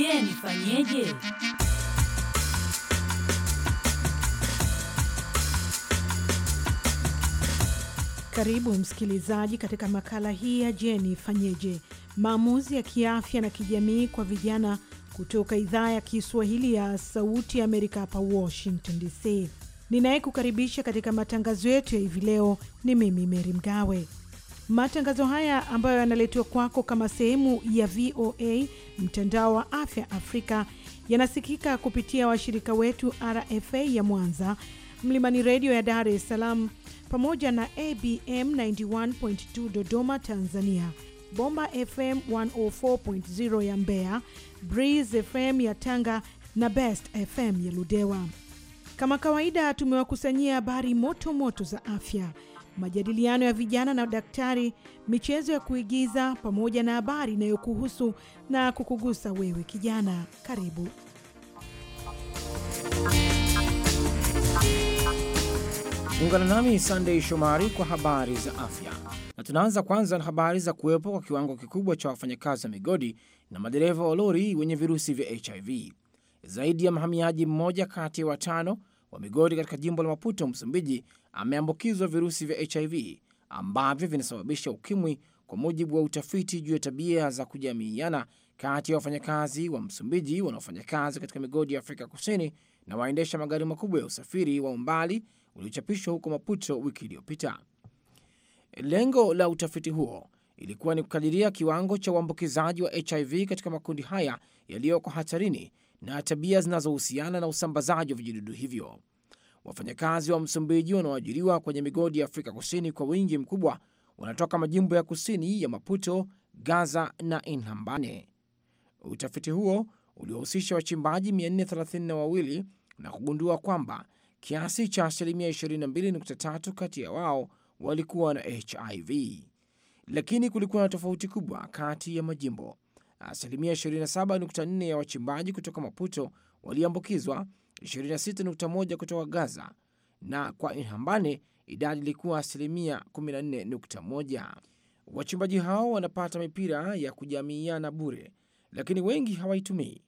Je, nifanyeje? Karibu msikilizaji katika makala hii ya Je, nifanyeje? Maamuzi ya kiafya na kijamii kwa vijana kutoka idhaa ya Kiswahili ya Sauti ya Amerika hapa Washington DC. Ninayekukaribisha katika matangazo yetu ya hivi leo ni mimi Meri Mgawe. Matangazo haya ambayo yanaletwa kwako kama sehemu ya VOA mtandao wa afya Afrika yanasikika kupitia washirika wetu RFA ya Mwanza, Mlimani Redio ya Dar es Salaam, pamoja na ABM 91.2 Dodoma, Tanzania, Bomba FM 104.0 ya Mbeya, Breeze FM ya Tanga na Best FM ya Ludewa. Kama kawaida, tumewakusanyia habari moto moto za afya majadiliano ya vijana na daktari, michezo ya kuigiza pamoja na habari inayokuhusu na kukugusa wewe kijana. Karibu. Ungana nami Sunday Shomari kwa habari za afya, na tunaanza kwanza na habari za kuwepo kwa kiwango kikubwa cha wafanyakazi wa migodi na madereva wa lori wenye virusi vya HIV. Zaidi ya mhamiaji mmoja kati ya watano wa migodi katika jimbo la Maputo, Msumbiji, ameambukizwa virusi vya HIV ambavyo vinasababisha ukimwi, kwa mujibu wa utafiti juu ya tabia za kujamiiana kati ya wafanyakazi wa Msumbiji wanaofanya kazi katika migodi ya Afrika Kusini na waendesha magari makubwa ya usafiri wa umbali uliochapishwa huko Maputo wiki iliyopita. Lengo la utafiti huo ilikuwa ni kukadiria kiwango cha uambukizaji wa HIV katika makundi haya yaliyoko hatarini na tabia zinazohusiana na usambazaji wa vijidudu hivyo. Wafanyakazi wa Msumbiji wanaoajiriwa kwenye migodi ya Afrika Kusini kwa wingi mkubwa wanatoka majimbo ya kusini ya Maputo, Gaza na Inhambane. Utafiti huo uliohusisha wachimbaji 432 na kugundua kwamba kiasi cha asilimia 22.3 kati ya wao walikuwa na HIV, lakini kulikuwa na tofauti kubwa kati ya majimbo. Asilimia 27.4 ya wachimbaji kutoka Maputo waliambukizwa 26.1 kutoka Gaza, na kwa Inhambane idadi ilikuwa asilimia 14.1. Wachimbaji hao wanapata mipira ya kujamiiana bure, lakini wengi hawaitumii.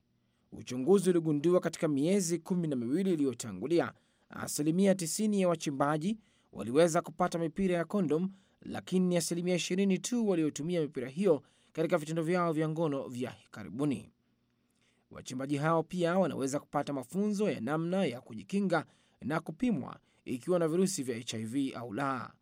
Uchunguzi uligundua katika miezi kumi na miwili iliyotangulia asilimia 90 ya wachimbaji waliweza kupata mipira ya kondom, lakini ni asilimia 20 tu waliotumia mipira hiyo katika vitendo vyao vya ngono vya karibuni. Wachimbaji hao pia wanaweza kupata mafunzo ya namna ya kujikinga na kupimwa ikiwa na virusi vya HIV au la.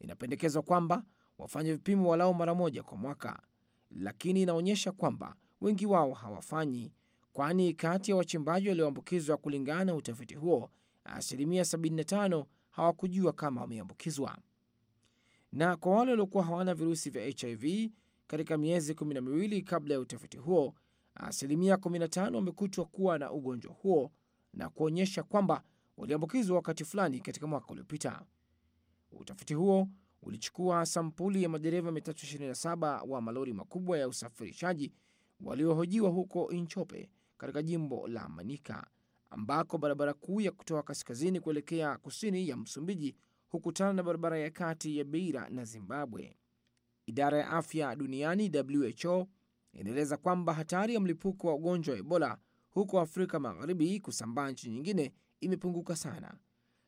Inapendekezwa kwamba wafanye vipimo walau mara moja kwa mwaka, lakini inaonyesha kwamba wengi wao hawafanyi, kwani kati ya wachimbaji walioambukizwa, kulingana na utafiti huo, asilimia 75 hawakujua kama wameambukizwa. Na kwa wale waliokuwa hawana virusi vya HIV katika miezi kumi na miwili kabla ya utafiti huo, asilimia 15 wamekutwa kuwa na ugonjwa huo na kuonyesha kwamba waliambukizwa wakati fulani katika mwaka uliopita. Utafiti huo ulichukua sampuli ya madereva 327 wa malori makubwa ya usafirishaji waliohojiwa huko Inchope katika jimbo la Manika, ambako barabara kuu ya kutoka kaskazini kuelekea kusini ya Msumbiji hukutana na barabara ya kati ya Beira na Zimbabwe. Idara ya afya duniani WHO inaeleza kwamba hatari ya mlipuko wa ugonjwa wa Ebola huko Afrika Magharibi kusambaa nchi nyingine imepunguka sana,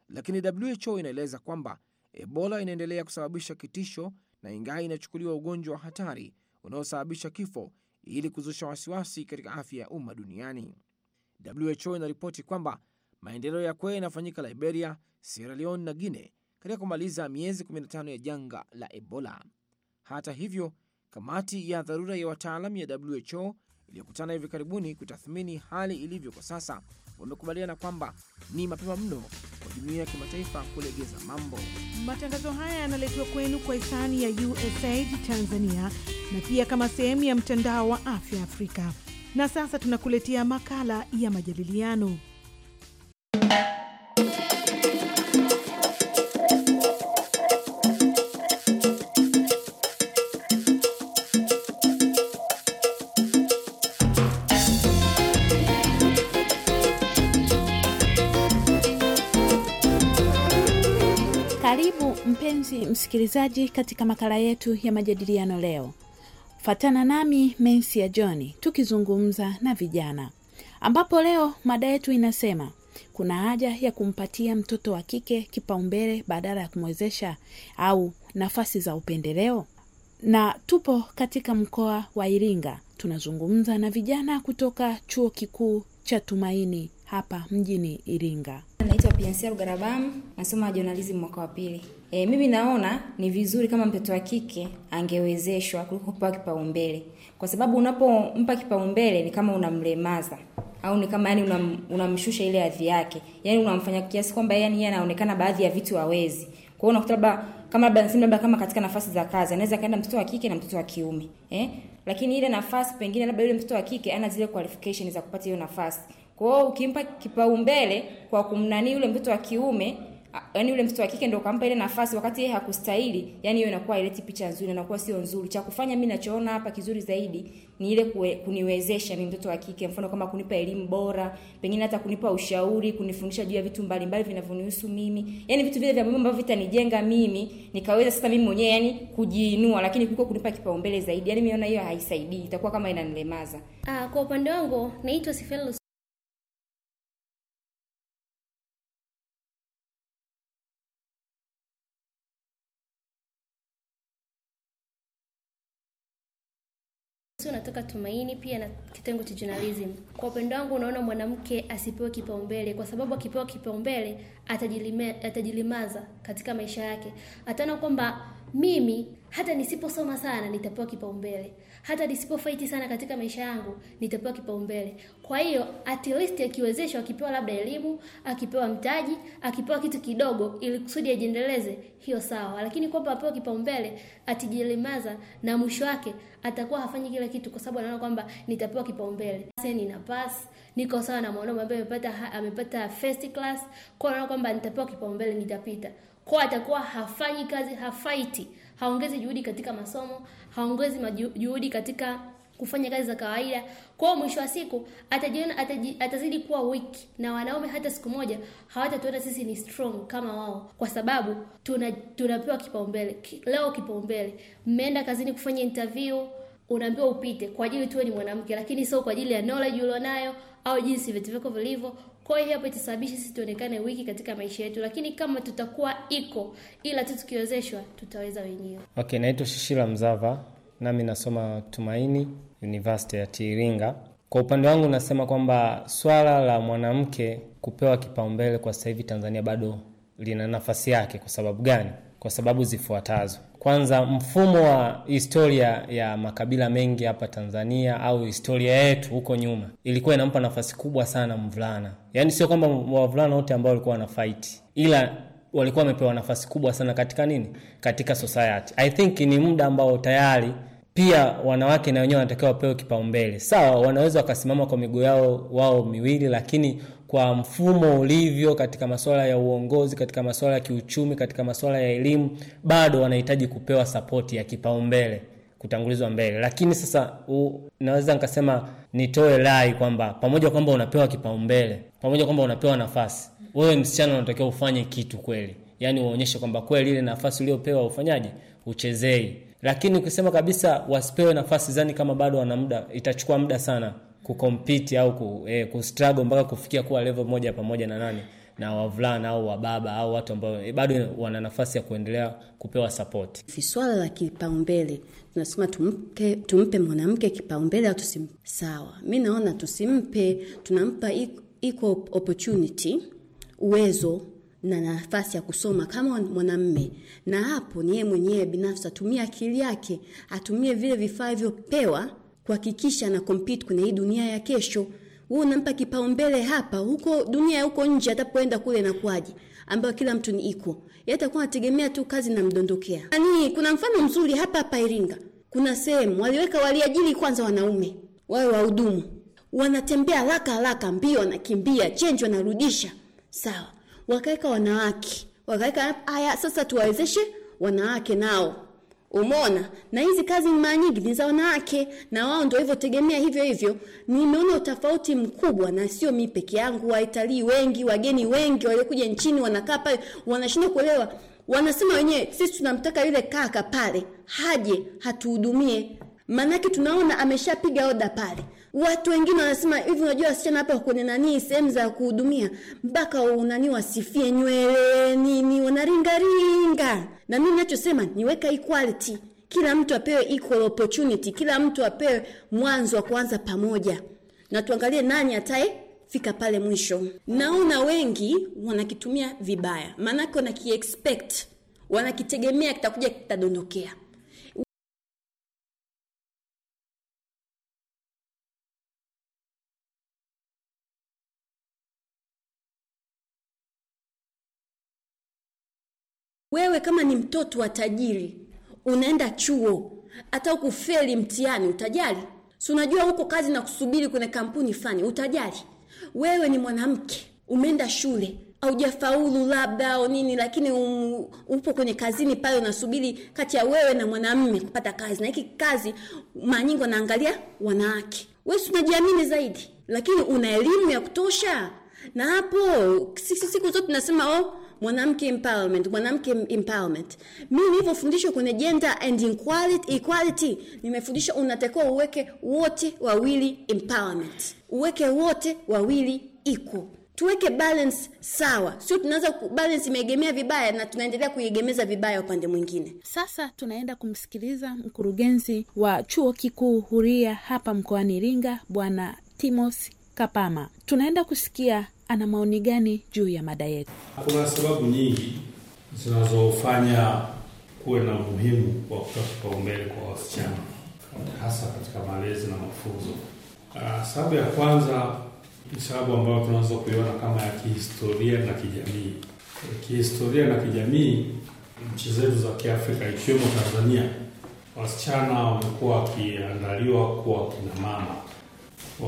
lakini WHO inaeleza kwamba Ebola inaendelea kusababisha kitisho na ingawa inachukuliwa ugonjwa wa hatari unaosababisha kifo ili kuzusha wasiwasi katika afya ya umma duniani. WHO inaripoti kwamba maendeleo ya kweli yanafanyika Liberia, Sierra Leone na Guinea katika kumaliza miezi 15 ya janga la Ebola. Hata hivyo, Kamati ya dharura ya wataalam ya WHO iliyokutana hivi karibuni kutathmini hali ilivyo kwa sasa wamekubaliana kwamba ni mapema mno kwa jumuiya ya kimataifa kulegeza mambo. Matangazo haya yanaletwa kwenu kwa hisani ya USAID Tanzania na pia kama sehemu ya mtandao wa afya Afrika. Na sasa tunakuletea makala ya majadiliano. basi msikilizaji, katika makala yetu ya majadiliano leo, fatana nami Mensi ya Johni tukizungumza na vijana, ambapo leo mada yetu inasema kuna haja ya kumpatia mtoto wa kike kipaumbele badala ya kumwezesha au nafasi za upendeleo. Na tupo katika mkoa wa Iringa, tunazungumza na vijana kutoka chuo kikuu cha Tumaini hapa mjini Iringa. Naitwa Piansia rugarabam nasoma journalism mwaka wa pili. E, mimi naona ni vizuri kama mtoto wa kike angewezeshwa kuliko kupewa kipaumbele, kwa sababu unapompa kipaumbele ni kama unamlemaza au ni kama yani unam, unamshusha ile hadhi yake, yani unamfanya kiasi kwamba yani yeye anaonekana baadhi ya vitu hawezi. Kwa hiyo unakuta labda kama labda nasema labda kama katika nafasi za kazi anaweza kaenda mtoto wa kike na mtoto wa kiume eh, lakini ile nafasi pengine labda yule mtoto wa kike ana zile qualifications za kupata hiyo nafasi. Kwa hiyo ukimpa kipaumbele kwa kumnani yule mtoto wa kiume Ah, yani yule mtoto wa kike ndio kampa ile nafasi wakati yeye hakustahili, yani hiyo inakuwa ileti picha nzuri na inakuwa sio nzuri. Cha kufanya mimi nachoona hapa kizuri zaidi ni ile kue, kuniwezesha mimi mtoto wa kike, mfano kama kunipa elimu bora, pengine hata kunipa ushauri, kunifundisha juu ya vitu mbalimbali vinavyonihusu mimi, yani vitu vile vya muhimu ambavyo vitanijenga mimi nikaweza sasa mimi mwenyewe yani kujiinua, lakini kuliko kunipa kipaumbele zaidi, yani miona hiyo haisaidii, itakuwa kama inanilemaza. Ah, kwa upande wangu naitwa Sifelo sio nataka Tumaini pia na kitengo cha journalism. Kwa upendo wangu, unaona mwanamke asipewe kipaumbele, kwa sababu akipewa kipaumbele atajilimaza katika maisha yake, ataona kwamba mimi hata nisiposoma sana nitapewa kipaumbele, hata nisipofaiti sana katika maisha yangu nitapewa kipaumbele. Kwa hiyo at least akiwezeshwa, akipewa labda elimu, akipewa mtaji, akipewa kitu kidogo, ili kusudi ajiendeleze, hiyo sawa, lakini kwamba apewe kipaumbele, atijilimaza na mwisho wake atakuwa hafanyi kile kitu, kwa sababu anaona kwamba nitapewa kipaumbele. Sasa nina pass, niko sawa na mwanaume ambaye amepata amepata first class, kwa anaona kwamba nitapewa kipaumbele, nitapita kwa atakuwa hafanyi kazi, hafaiti, haongezi juhudi katika masomo, haongezi juhudi katika kufanya kazi za kawaida. Kwa hiyo mwisho wa siku atajiona ataji, atazidi kuwa weak, na wanaume hata siku moja hawatatuona sisi ni strong kama wao, kwa sababu tuna tunapewa kipaumbele. Leo kipaumbele, mmeenda kazini kufanya interview unaambiwa upite kwa ajili tuwe ni mwanamke, lakini sio kwa ajili ya knowledge ulionayo au jinsi vitu vyako vilivyo. Kwa hiyo hapo itasababisha sisi tuonekane wiki katika maisha yetu, lakini kama tutakuwa iko ila tu tukiwezeshwa, tutaweza wenyewe. Okay, naitwa Shishila Mzava, nami nasoma Tumaini University ya Tiringa. Kwa upande wangu nasema kwamba swala la mwanamke kupewa kipaumbele kwa sasa hivi Tanzania bado lina nafasi yake. Kwa sababu gani? kwa sababu zifuatazo. Kwanza, mfumo wa historia ya makabila mengi hapa Tanzania au historia yetu huko nyuma ilikuwa inampa nafasi kubwa sana mvulana. Yaani sio kwamba wavulana wote ambao walikuwa wana faiti ila walikuwa wamepewa nafasi kubwa sana katika nini, katika society. I think ni muda ambao tayari pia wanawake na wenyewe wanatakiwa wapewe kipaumbele. Sawa, wanaweza wakasimama kwa miguu yao wao miwili, lakini kwa mfumo ulivyo katika masuala ya uongozi, katika masuala ya kiuchumi, katika masuala ya elimu, bado wanahitaji kupewa sapoti ya kipaumbele, kutangulizwa mbele. Lakini sasa u, naweza nikasema nitoe rai kwamba pamoja kwamba unapewa kipaumbele, pamoja kwamba unapewa nafasi, wewe msichana unatakiwa ufanye kitu kweli, yaani uonyeshe kwamba kweli ile nafasi uliopewa ufanyaji uchezei lakini ukisema kabisa wasipewe nafasi zani kama bado wana muda itachukua muda sana kukompiti au ku, eh, kustruggle mpaka kufikia kuwa level moja pamoja na nani na wavulana au wababa au watu ambao eh, bado wana nafasi ya kuendelea kupewa sapoti. Swala la kipaumbele tunasema tumpe, tumpe mwanamke kipaumbele au tusim. Sawa, mi naona tusimpe, tunampa iko opportunity, uwezo na nafasi ya kusoma kama mwanamme, na hapo ni yeye mwenyewe binafsi atumie akili yake, atumie vile vifaa hivyopewa kuhakikisha na compete kwenye hii dunia ya kesho. Wewe unampa kipaumbele hapa, huko dunia huko nje, atapoenda kule na kuaje, ambayo kila mtu ni iko yeye, atakuwa anategemea tu kazi na mdondokea Yani, kuna mfano mzuri hapa hapa Iringa, kuna sehemu waliweka, waliajiri kwanza wanaume wawe wahudumu, wanatembea haraka haraka, mbio wanakimbia, chenji wanarudisha, sawa wakaweka wanawake, wakaweka haya, sasa tuwawezeshe wanawake nao. Umeona, na hizi kazi mara nyingi ni za wanawake, na wao ndio hivyo, tegemea hivyo hivyo. Nimeona utofauti mkubwa, na sio mi peke yangu, waitalii wengi, wageni wengi waliokuja nchini wanakaa pale, wanashindwa kuelewa wanasema wenyewe, sisi tunamtaka yule kaka pale haje hatuhudumie, maanake tunaona ameshapiga oda pale, Watu wengine wanasema hivi, unajua wasichana hapa kwenye nani sehemu za kuhudumia mpaka unani wasifie nywele nini, wanaringaringa. Na mimi ninachosema niweka equality, kila mtu apewe equal opportunity, kila mtu apewe mwanzo wa kuanza pamoja, na tuangalie nani atae fika pale mwisho. Naona wengi wanakitumia vibaya, maanake wanakiexpect, wanakitegemea kitakuja kitadondokea Wewe kama ni mtoto wa tajiri unaenda chuo, hata ukufeli mtihani utajali? Si unajua huko kazi na kusubiri kwenye kampuni fani, utajali? Wewe ni mwanamke umeenda shule aujafaulu labda au nini, lakini um, upo kwenye kazini pale, unasubiri kati ya wewe na mwanamme kupata kazi, na hiki kazi mara nyingi wanaangalia wanawake. Wewe si unajiamini zaidi, lakini una elimu ya kutosha, na hapo sisi siku zote tunasema oh mwanamke empowerment mwanamke empowerment mi nilivyofundishwa kwenye gender and equality, equality nimefundishwa unatakiwa uweke wote wawili empowerment uweke wote wawili iko tuweke balance sawa, sio tunaanza balance imeegemea vibaya na tunaendelea kuiegemeza vibaya upande mwingine. Sasa tunaenda kumsikiliza mkurugenzi wa chuo kikuu huria hapa mkoani Iringa, Bwana Timos Kapama. Tunaenda kusikia ana maoni gani juu ya mada yetu. Kuna sababu nyingi zinazofanya kuwe na umuhimu wa kutoa kipaumbele kwa wasichana hasa katika malezi na mafunzo. Ah, sababu ya kwanza ni sababu ambayo tunaweza kuiona kama ya kihistoria na kijamii. Kihistoria na kijamii, nchi zetu za Kiafrika ikiwemo Tanzania, wasichana wamekuwa wakiandaliwa kuwa wakinamama mama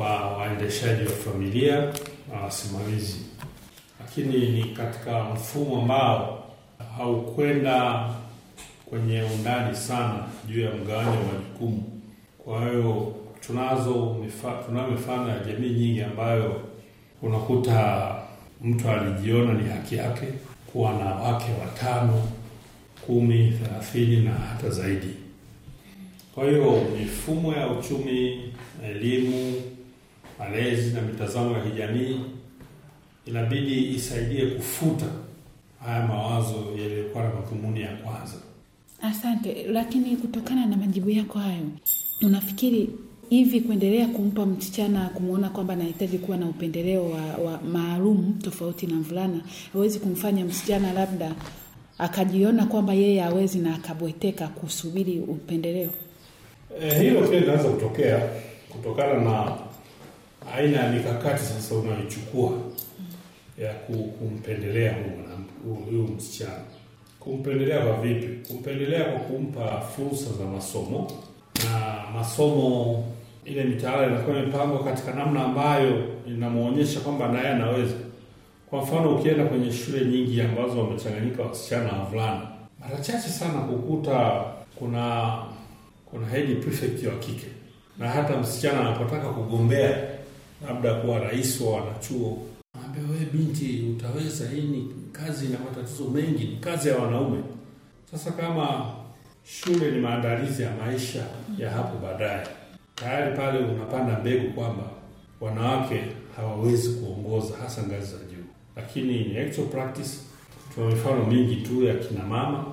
wa waendeshaji wa familia na ah, wasimamizi, lakini ni katika mfumo ambao haukwenda kwenye undani sana juu ya mgawanyo wa jukumu. Kwa hiyo tunazo tunayo mifano ya jamii nyingi ambayo unakuta mtu alijiona ni haki yake kuwa na wake watano, kumi, thelathini na hata zaidi. Kwa hiyo mifumo ya uchumi, elimu malezi na mitazamo ya kijamii inabidi isaidie kufuta haya mawazo yaliyokuwa na madhumuni ya kwanza. Asante. Lakini kutokana na majibu yako hayo, unafikiri hivi kuendelea kumpa msichana kumwona kwamba anahitaji kuwa na upendeleo wa, wa maalum tofauti na mvulana awezi kumfanya msichana labda akajiona kwamba yeye awezi na akabweteka kusubiri upendeleo? E, hilo pia inaweza kutokea kutokana na aina ya mikakati sasa unayochukua ya kumpendelea huyu msichana. Kumpendelea kwa vipi? Kumpendelea kwa kumpa fursa za masomo, na masomo ile mitaala inakuwa imepangwa katika namna ambayo inamwonyesha kwamba naye anaweza. Kwa mfano, ukienda kwenye shule nyingi ambazo wamechanganyika wasichana na wavulana, mara chache sana kukuta kuna kuna head prefect wa kike, na hata msichana anapotaka kugombea labda kuwa rais wa wanachuo, ambia wewe binti, utaweza hii ni kazi na matatizo mengi, ni kazi ya wanaume. Sasa kama shule ni maandalizi ya maisha ya hapo baadaye, tayari pale unapanda mbegu kwamba wanawake hawawezi kuongoza hasa ngazi za juu. Lakini ni actual practice tuna mifano mingi tu ya kina mama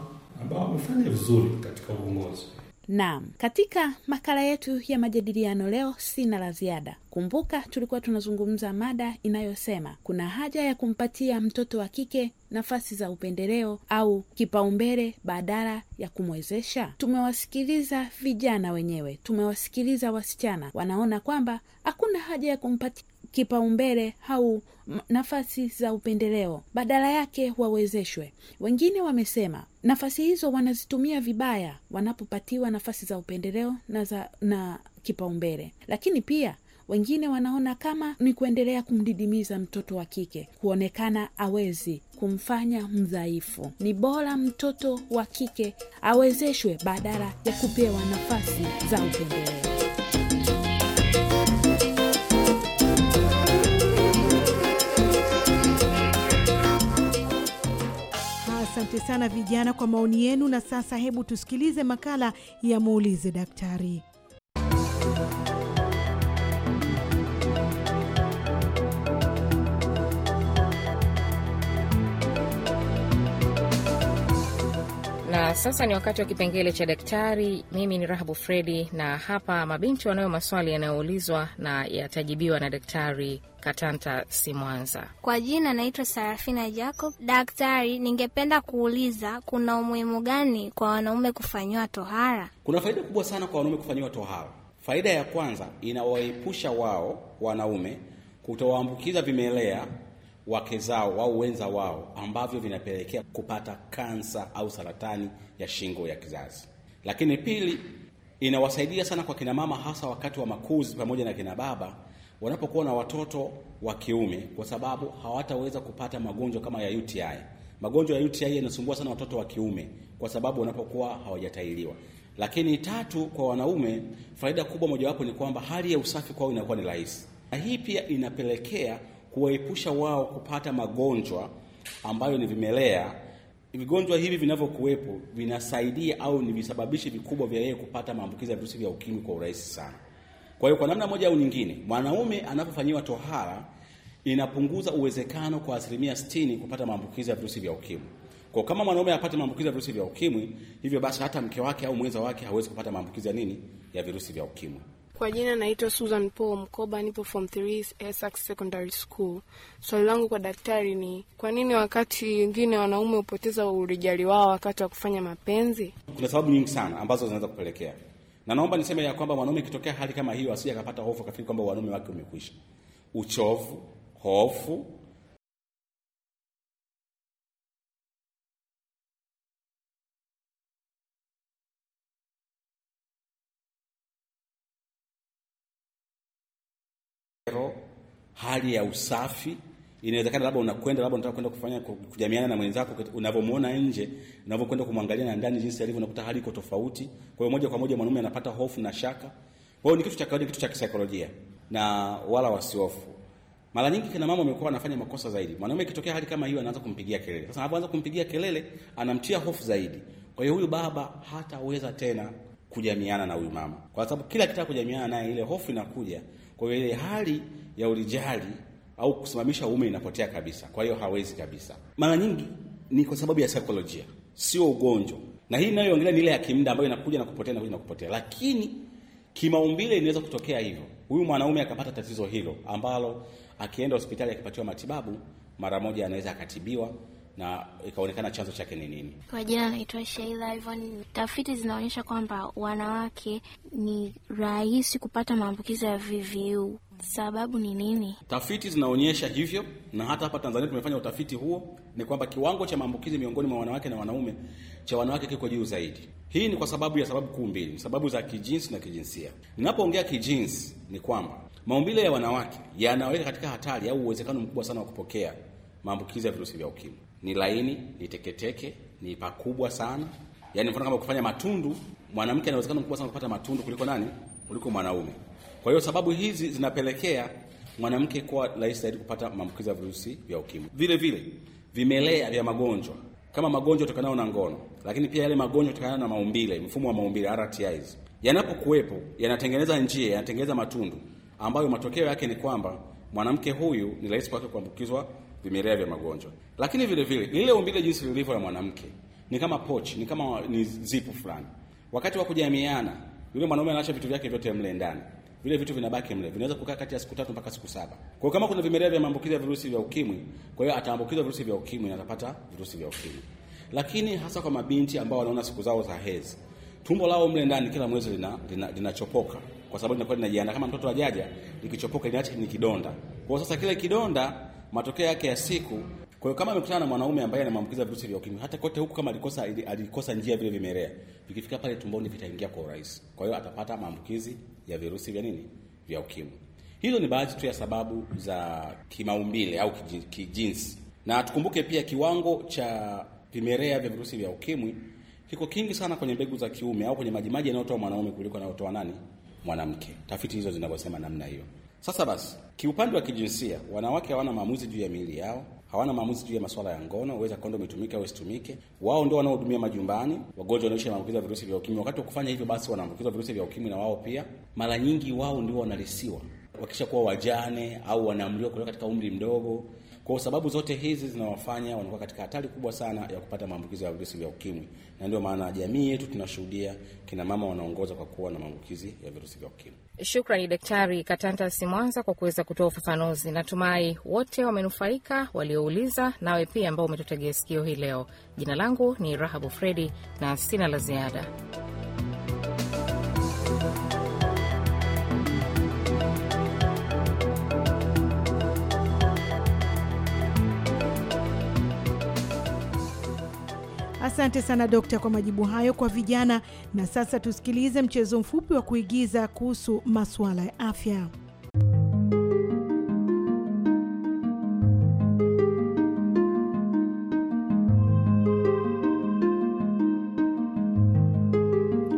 ambao wamefanya vizuri katika uongozi. Naam, katika makala yetu ya majadiliano leo sina la ziada. Kumbuka tulikuwa tunazungumza mada inayosema kuna haja ya kumpatia mtoto wa kike nafasi za upendeleo au kipaumbele badala ya kumwezesha. Tumewasikiliza vijana wenyewe, tumewasikiliza wasichana, wanaona kwamba hakuna haja ya kumpatia kipaumbele au nafasi za upendeleo, badala yake wawezeshwe. Wengine wamesema nafasi hizo wanazitumia vibaya wanapopatiwa nafasi za upendeleo na, za, na kipaumbele, lakini pia wengine wanaona kama ni kuendelea kumdidimiza mtoto wa kike, kuonekana awezi, kumfanya mdhaifu. Ni bora mtoto wa kike awezeshwe badala ya kupewa nafasi za upendeleo. Asante sana vijana kwa maoni yenu. Na sasa hebu tusikilize makala ya muulize daktari. Na sasa ni wakati wa kipengele cha daktari. Mimi ni Rahabu Fredi, na hapa mabinti wanayo maswali yanayoulizwa na yatajibiwa na daktari Katanta si Mwanza. Kwa jina naitwa Sarafina Jacob. Daktari, ningependa kuuliza kuna umuhimu gani kwa wanaume kufanyiwa tohara? Kuna faida kubwa sana kwa wanaume kufanyiwa tohara. Faida ya kwanza, inawaepusha wao wanaume kutowaambukiza vimelea wake zao au wenza wao ambavyo vinapelekea kupata kansa au saratani ya shingo ya kizazi. Lakini pili, inawasaidia sana kwa kinamama, hasa wakati wa makuzi pamoja na kinababa wanapokuwa na watoto wa kiume, kwa sababu hawataweza kupata magonjwa kama ya UTI. Magonjwa ya UTI yanasumbua sana watoto wa kiume kwa sababu wanapokuwa hawajatailiwa. Lakini tatu, kwa wanaume, faida kubwa mojawapo ni kwamba hali ya usafi kwao inakuwa ni rahisi, na hii pia inapelekea kuwaepusha wao kupata magonjwa ambayo ni vimelea. Vigonjwa hivi vinavyokuwepo vinasaidia au ni visababishi vikubwa vya yeye kupata maambukizi ya virusi vya ukimwi kwa urahisi sana. Kwa hiyo kwa namna moja au nyingine, mwanaume anapofanyiwa tohara inapunguza uwezekano kwa asilimia 60 kupata maambukizi ya virusi vya ukimwi. Kwa kama mwanaume apate maambukizi ya virusi vya ukimwi, hivyo basi hata mke wake au mwenza wake hawezi kupata maambukizi ya nini ya virusi vya ukimwi. Kwa jina naitwa Susan Paul Mkoba, nipo form 3 Essex Secondary School. Swali langu kwa daktari ni kwa nini wakati wengine wanaume hupoteza urijali wao wakati wa kufanya mapenzi? Kuna sababu nyingi sana ambazo zinaweza kupelekea na naomba niseme ya kwamba mwanaume ikitokea hali kama hiyo asije akapata hofu akafikiri kwamba wanaume wake umekwisha. Uchovu, hofu, hali ya usafi inawezekana labda unakwenda labda unataka kwenda kufanya kujamiana na mwenzako, unavyomuona nje, unavyokwenda kumwangalia na ndani jinsi alivyo, unakuta hali iko tofauti. Kwa hiyo moja kwa moja mwanaume anapata hofu na shaka. Kwa hiyo ni kitu cha kawaida, kitu cha kisaikolojia na wala wasiofu. Mara nyingi kina mama wamekuwa wanafanya makosa zaidi. Mwanaume ikitokea hali kama hiyo, anaanza kumpigia kelele. Sasa anapoanza kumpigia kelele, anamtia hofu zaidi. Kwa hiyo huyu baba hataweza tena kujamiana na huyu mama, kwa sababu kila kitaka kujamiana naye, ile hofu inakuja. Kwa hiyo ile hali ya ulijali au kusimamisha uume inapotea kabisa. Kwa hiyo hawezi kabisa. Mara nyingi ni kwa sababu ya saikolojia, sio ugonjwa. Na hii inayoongelea ni ile ya kimda ambayo inakuja na kupotea, inakuja na kupotea, lakini kimaumbile inaweza kutokea hivyo. Huyu mwanaume akapata tatizo hilo ambalo akienda hospitali akipatiwa matibabu mara moja anaweza akatibiwa na ikaonekana chanzo chake ni nini. Kwa jina naitwa Sheila Ivon. Tafiti zinaonyesha kwamba wanawake ni rahisi kupata maambukizi ya VVU Sababu ni nini? Tafiti zinaonyesha hivyo, na hata hapa Tanzania tumefanya utafiti huo, ni kwamba kiwango cha maambukizi miongoni mwa wanawake na wanaume cha wanawake kiko juu zaidi. Hii ni kwa sababu ya sababu kuu mbili, sababu za kijinsi na kijinsia. Ninapoongea kijinsi, ni kwamba maumbile ya wanawake yanaweka katika hatari au uwezekano mkubwa sana wa kupokea maambukizi ya virusi vya ukimwi. Ni laini, ni teketeke, ni pakubwa sana, yaani mfano kama kufanya matundu, mwanamke ana uwezekano mkubwa sana kupata matundu kuliko nani? Kuliko mwanaume. Kwa hiyo sababu hizi zinapelekea mwanamke kuwa rahisi zaidi kupata maambukizi ya virusi vya ukimwi. Vile vile vimelea vya magonjwa kama magonjwa yatokanayo na ngono, lakini pia yale magonjwa yatokanayo na maumbile, mfumo wa maumbile RTIs, yanapokuwepo yanatengeneza njia, yanatengeneza matundu ambayo matokeo yake ni kwamba mwanamke huyu ni rahisi kwake kuambukizwa vimelea vya magonjwa. Lakini vile vile lile umbile jinsi lilivyo la mwanamke ni kama pochi, ni kama ni zipu fulani. Wakati wa kujamiana, yule mwanaume anaacha vitu vyake vyote mle ndani vile vitu vinabaki mle, vinaweza kukaa kati ya siku tatu mpaka siku saba. Kwa hiyo kama kuna vimelea vya maambukizi ya virusi vya ukimwi, kwa hiyo ataambukizwa virusi vya ukimwi na atapata virusi vya ukimwi. Lakini hasa kwa mabinti ambao wanaona siku zao za hezi, tumbo lao mle ndani kila mwezi linachopoka lina, lina kwa sababu linakuwa linajiandaa kama mtoto ajaja, likichopoka linaacha ni kidonda. Kwa sasa kile kidonda matokeo yake ya siku kwa hiyo kama amekutana na mwanaume ambaye anamwambukiza virusi vya ukimwi, hata kote huku, kama alikosa alikosa njia, vile vimelea vikifika pale tumboni vitaingia kwa urahisi, kwa hiyo atapata maambukizi ya virusi vya nini vya ukimwi. Hizo ni baadhi tu ya sababu za kimaumbile au kijinsi, na tukumbuke pia kiwango cha vimelea vya virusi vya ukimwi kiko kingi sana kwenye mbegu za kiume au kwenye majimaji yanayotoa mwanaume kuliko yanayotoa nani mwanamke. Tafiti hizo zinavyosema namna hiyo. Sasa basi, kiupande wa kijinsia, wanawake hawana maamuzi juu ya miili yao, hawana maamuzi juu ya masuala ya ngono, uweza kondo itumike au usitumike. Wao ndio wanaohudumia majumbani wagonjwa wanaoishi na maambukizi ya virusi vya ukimwi. Wakati wa kufanya hivyo, basi wanaambukizwa virusi vya ukimwi na wao pia. Mara nyingi wao ndio wanalisiwa wakisha kuwa wajane au wanaamriwa kutoka katika umri mdogo kwa sababu zote hizi zinawafanya wanakuwa katika hatari kubwa sana ya kupata maambukizi ya virusi vya ukimwi, na ndio maana jamii yetu tunashuhudia kina mama wanaongoza kwa kuwa na maambukizi ya virusi vya ukimwi. Shukrani Daktari Katanta Simwanza kwa kuweza kutoa ufafanuzi. Natumai wote wamenufaika waliouliza, nawe pia ambao umetutegea sikio hii leo. Jina langu ni Rahabu Fredi na sina la ziada. Asante sana dokta kwa majibu hayo kwa vijana. Na sasa tusikilize mchezo mfupi wa kuigiza kuhusu masuala ya afya.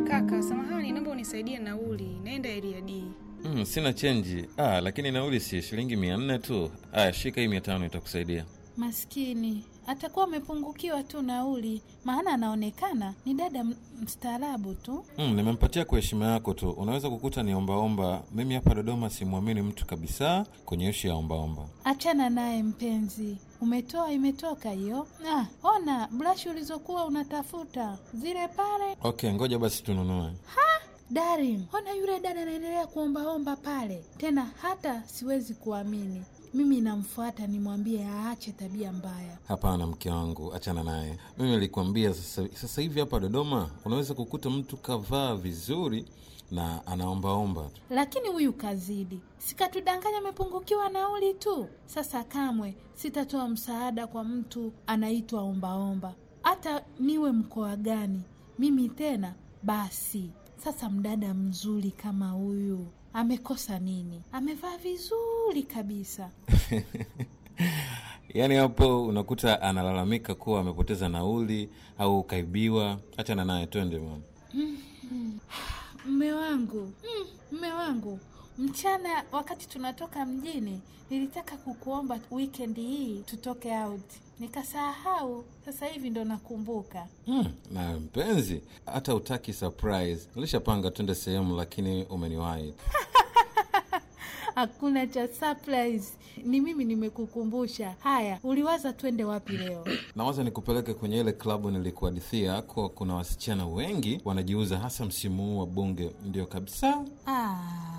Kaka samahani, naomba unisaidie nauli, naenda D. Mm, sina chenji. Ah, lakini nauli si shilingi mia nne tu. Aya, shika hii mia tano itakusaidia. Maskini atakuwa amepungukiwa tu nauli, maana anaonekana ni dada mstaarabu tu. Mm, nimempatia kwa heshima yako tu. Unaweza kukuta ni ombaomba Mimi hapa Dodoma simwamini mtu kabisa kwenye ishi ya ombaomba hachana Achana naye mpenzi, umetoa imetoka hiyo. Ah, ona brashi ulizokuwa unatafuta zile pale. Okay, ngoja basi tununue. ha? Darin, ona yule dada anaendelea kuombaomba pale tena, hata siwezi kuamini mimi namfuata nimwambie aache tabia mbaya. Hapana mke wangu, achana naye. Mimi alikuambia sasa, sasa hivi hapa Dodoma unaweza kukuta mtu kavaa vizuri na anaombaomba tu, lakini huyu kazidi. Sikatudanganya amepungukiwa nauli tu. Sasa kamwe sitatoa msaada kwa mtu anaitwa ombaomba, hata niwe mkoa gani mimi tena. Basi sasa, mdada mzuri kama huyu amekosa nini? Amevaa vizuri kabisa Yaani hapo unakuta analalamika kuwa amepoteza nauli au kaibiwa. Achana naye, twende mama. Mm-hmm. Mme wangu, mm, mme wangu Mchana wakati tunatoka mjini, nilitaka kukuomba weekend hii tutoke out, nikasahau. Sasa hivi ndo nakumbuka. Hmm, na mpenzi, hata utaki surprise, nilishapanga twende sehemu, lakini umeniwahi. Hakuna cha surprise, ni mimi nimekukumbusha. Haya, uliwaza twende wapi leo? Nawaza nikupeleke kwenye ile klabu nilikuhadithia, ko kuna wasichana wengi wanajiuza, hasa msimu huu wa Bunge. Ndio kabisa. ah.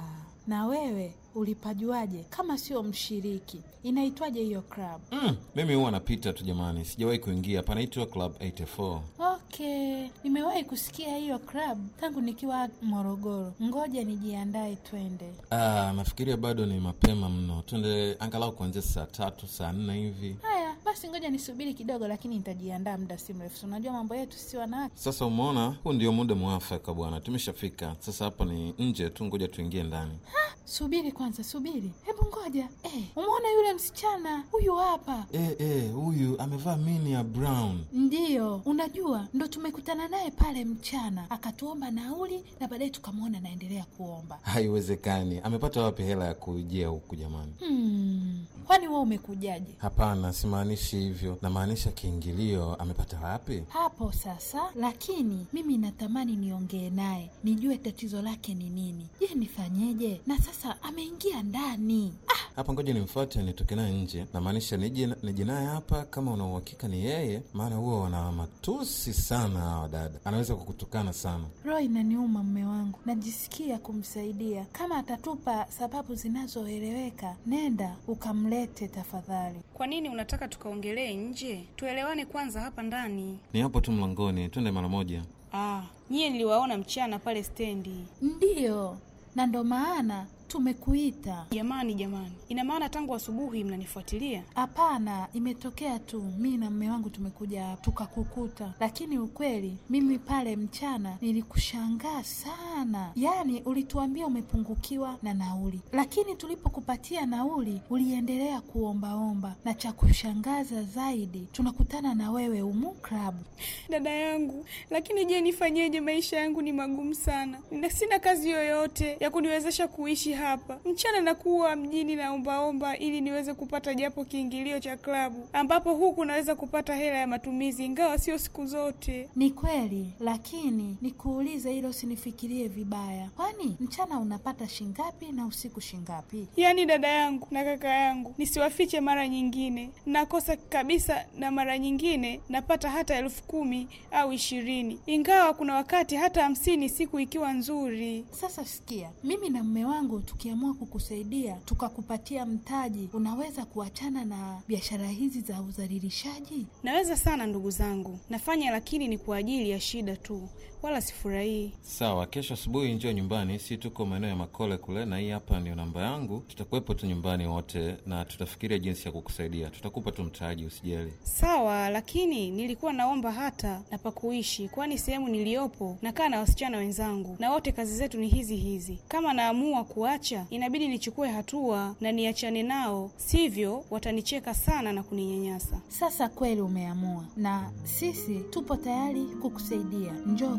Na wewe ulipajuaje kama sio mshiriki? Inaitwaje hiyo club? Mm, mimi huwa napita tu jamani, sijawahi kuingia. Panaitwa Club 84. Okay, nimewahi kusikia hiyo club tangu nikiwa Morogoro. Ngoja nijiandae, twende. Ah, nafikiria bado ni mapema mno, twende angalau kuanzia saa tatu saa nne hivi. Haya, basi ngoja nisubiri kidogo, lakini nitajiandaa muda si mrefu. Unajua mambo yetu si wanawake. Sasa umeona, huu ndio muda mwafaka bwana, tumeshafika sasa. Hapa ni nje tu, ngoja tuingie ndani. Ha, Subiri kwanza, subiri, hebu ngoja. Eh, umeona yule msichana huyu hapa huyu? Eh, eh, amevaa mini ya brown. Ndiyo, unajua ndo tumekutana naye pale mchana, akatuomba nauli na baadaye tukamwona naendelea kuomba. Haiwezekani, amepata wapi hela ya kujia huku jamani? Hmm, kwani wewe umekujaje? Hapana, simaanishi hivyo, namaanisha kiingilio amepata wapi? Hapo sasa, lakini mimi natamani niongee naye nijue tatizo lake ni nini. Je, nifanyeje na sasa sasa ameingia ndani ah! hapa. Ah, ngoja nimfuate nitoke naye nje, namaanisha nije naye hapa. Kama unauhakika ni yeye, maana huwa wana matusi sana hawa dada, anaweza kukutukana sana. Roho inaniuma mme wangu, najisikia kumsaidia. Kama atatupa sababu zinazoeleweka, nenda ukamlete tafadhali. Kwa nini unataka tukaongelee nje? Tuelewane kwanza hapa ndani. Ni hapo tu mlangoni, twende mara moja. Ah, nyie niliwaona mchana pale stendi. Ndiyo, na ndo maana Tumekuita jamani, jamani, ina maana tangu asubuhi mnanifuatilia? Hapana, imetokea tu, mi na mme wangu tumekuja tukakukuta, lakini ukweli mimi pale mchana nilikushangaa sana. Yaani ulituambia umepungukiwa na nauli, lakini tulipokupatia nauli uliendelea kuombaomba, na cha kushangaza zaidi tunakutana na wewe umu klabu. Dada yangu, lakini je, nifanyeje? Maisha yangu ni magumu sana, sina kazi yoyote ya kuniwezesha kuishi hapa. Mchana nakuwa mjini naombaomba, ili niweze kupata japo kiingilio cha klabu, ambapo huku naweza kupata hela ya matumizi, ingawa sio siku zote. Ni kweli, lakini nikuulize hilo, usinifikirie vibaya. Kwani mchana unapata shingapi na usiku shingapi? Yaani dada yangu na kaka yangu, nisiwafiche, mara nyingine nakosa kabisa, na mara nyingine napata hata elfu kumi au ishirini, ingawa kuna wakati hata hamsini siku ikiwa nzuri. Sasa sikia, mimi na mme wangu tukiamua kukusaidia tukakupatia mtaji, unaweza kuachana na biashara hizi za udhalilishaji? Naweza sana ndugu zangu, nafanya lakini ni kwa ajili ya shida tu wala sifurahii. Sawa, kesho asubuhi njio nyumbani, si tuko maeneo ya Makole kule, na hii hapa ndio namba yangu. Tutakuwepo tu nyumbani wote na tutafikiria jinsi ya kukusaidia. Tutakupa tu mtaji, usijali. Sawa, lakini nilikuwa naomba hata na pakuishi, kwani sehemu niliyopo nakaa na wasichana wenzangu na wote kazi zetu ni hizi hizi. Kama naamua kuacha, inabidi nichukue hatua na niachane nao, sivyo watanicheka sana na kuninyanyasa. Sasa kweli umeamua, na sisi tupo tayari kukusaidia. Njoo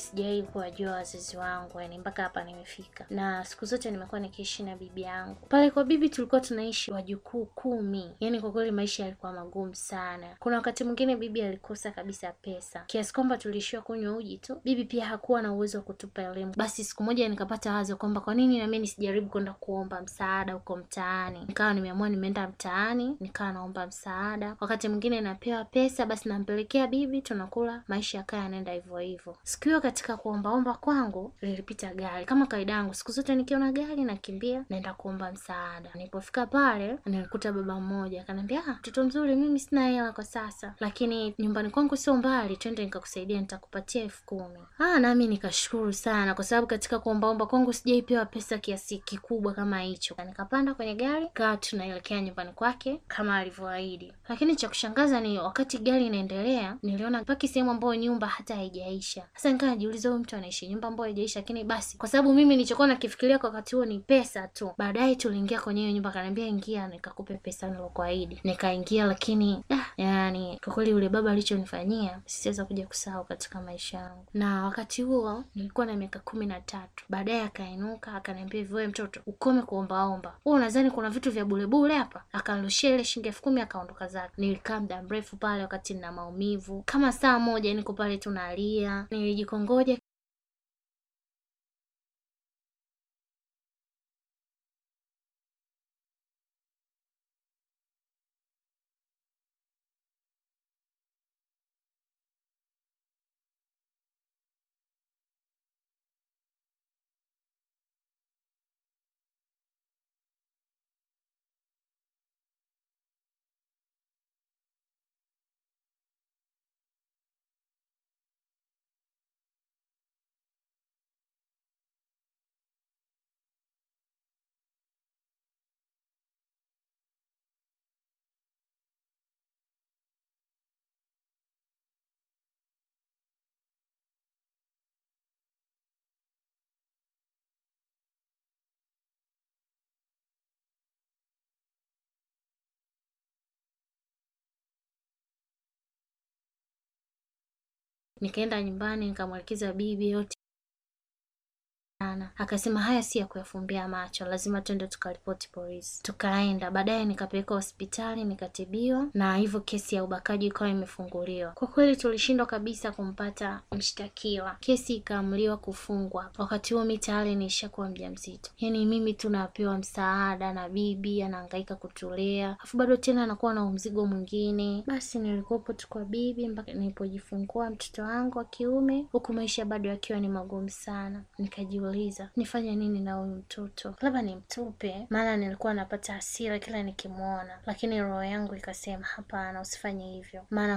sijawahi kuwajua wazazi wangu, yani mpaka hapa nimefika, na siku zote nimekuwa nikiishi na bibi yangu. Pale kwa bibi tulikuwa tunaishi wajukuu kumi, yani kwa kweli maisha yalikuwa magumu sana. Kuna wakati mwingine bibi alikosa kabisa pesa kiasi kwamba tulishiwa kunywa uji tu. Bibi pia hakuwa na uwezo wa kutupa elimu. Basi siku moja nikapata wazo kwamba kwa nini nami nisijaribu kwenda kuomba msaada huko mtaani. Nikawa nimeamua nimeenda mtaani, nikawa naomba msaada. Wakati mwingine napewa pesa, basi nampelekea bibi, tunakula, maisha yakaa yanaenda hivyo hivyo. siku hiyo katika kuombaomba kwangu lilipita gari. Kama kaida yangu, siku zote nikiona gari nakimbia naenda kuomba msaada. Nilipofika pale, nilikuta baba mmoja akaniambia, ah, mtoto mzuri, mimi sina hela kwa sasa, lakini nyumbani kwangu sio mbali, twende nikakusaidia, nitakupatia elfu kumi. Ah, nami nikashukuru sana, kwa sababu katika kuombaomba kwangu sijaipewa pesa kiasi kikubwa kama hicho. Nikapanda kwenye gari, kaa tunaelekea nyumbani kwake kama alivyoahidi. Lakini cha kushangaza ni wakati gari inaendelea, niliona mpaki sehemu ambayo nyumba hata haijaisha. Sasa nika najiuliza huyu mtu anaishi nyumba ambayo haijaisha, lakini basi kwa sababu mimi nilichokuwa nakifikiria kwa wakati huo ni pesa tu. Baadaye tuliingia kwenye hiyo nyumba, akaniambia ingia, nikakupe pesa nilokuahidi. Nikaingia, lakini ah, yani kwa kweli yule baba alichonifanyia siweza kuja kusahau katika maisha yangu. Na wakati huo nilikuwa na miaka kumi na tatu. Baadaye akainuka akaniambia hivyo, mtoto ukome kuombaomba, wewe unadhani kuna vitu vya bulebule hapa? Akanirushia ile shilingi elfu kumi akaondoka zake. Nilikaa muda mrefu pale, wakati nina maumivu kama saa moja, niko pale tunalia, nilijiko Mongolia Nikaenda nyumbani nikamwelekeza bibi yote sana. Akasema haya si ya kuyafumbia macho, lazima twende tukaripoti polisi. Tukaenda, baadaye nikapelekwa hospitali nikatibiwa, na hivyo kesi ya ubakaji ikawa imefunguliwa. Kwa kweli tulishindwa kabisa kumpata mshtakiwa, kesi ikaamuliwa kufungwa. Wakati huo mi tayari mja mjamzito, yaani mimi tu napewa msaada na bibi anahangaika kutulea, afu bado tena anakuwa na mzigo mwingine. Basi nilikuwepo tu kwa bibi mpaka nilipojifungua mtoto wangu wa kiume, huku maisha bado yakiwa ni magumu sana, nikajiwa kujiuliza nifanye nini na huyu mtoto, labda nimtupe, maana nilikuwa napata hasira kila nikimwona, lakini roho yangu ikasema hapana, usifanye hivyo maana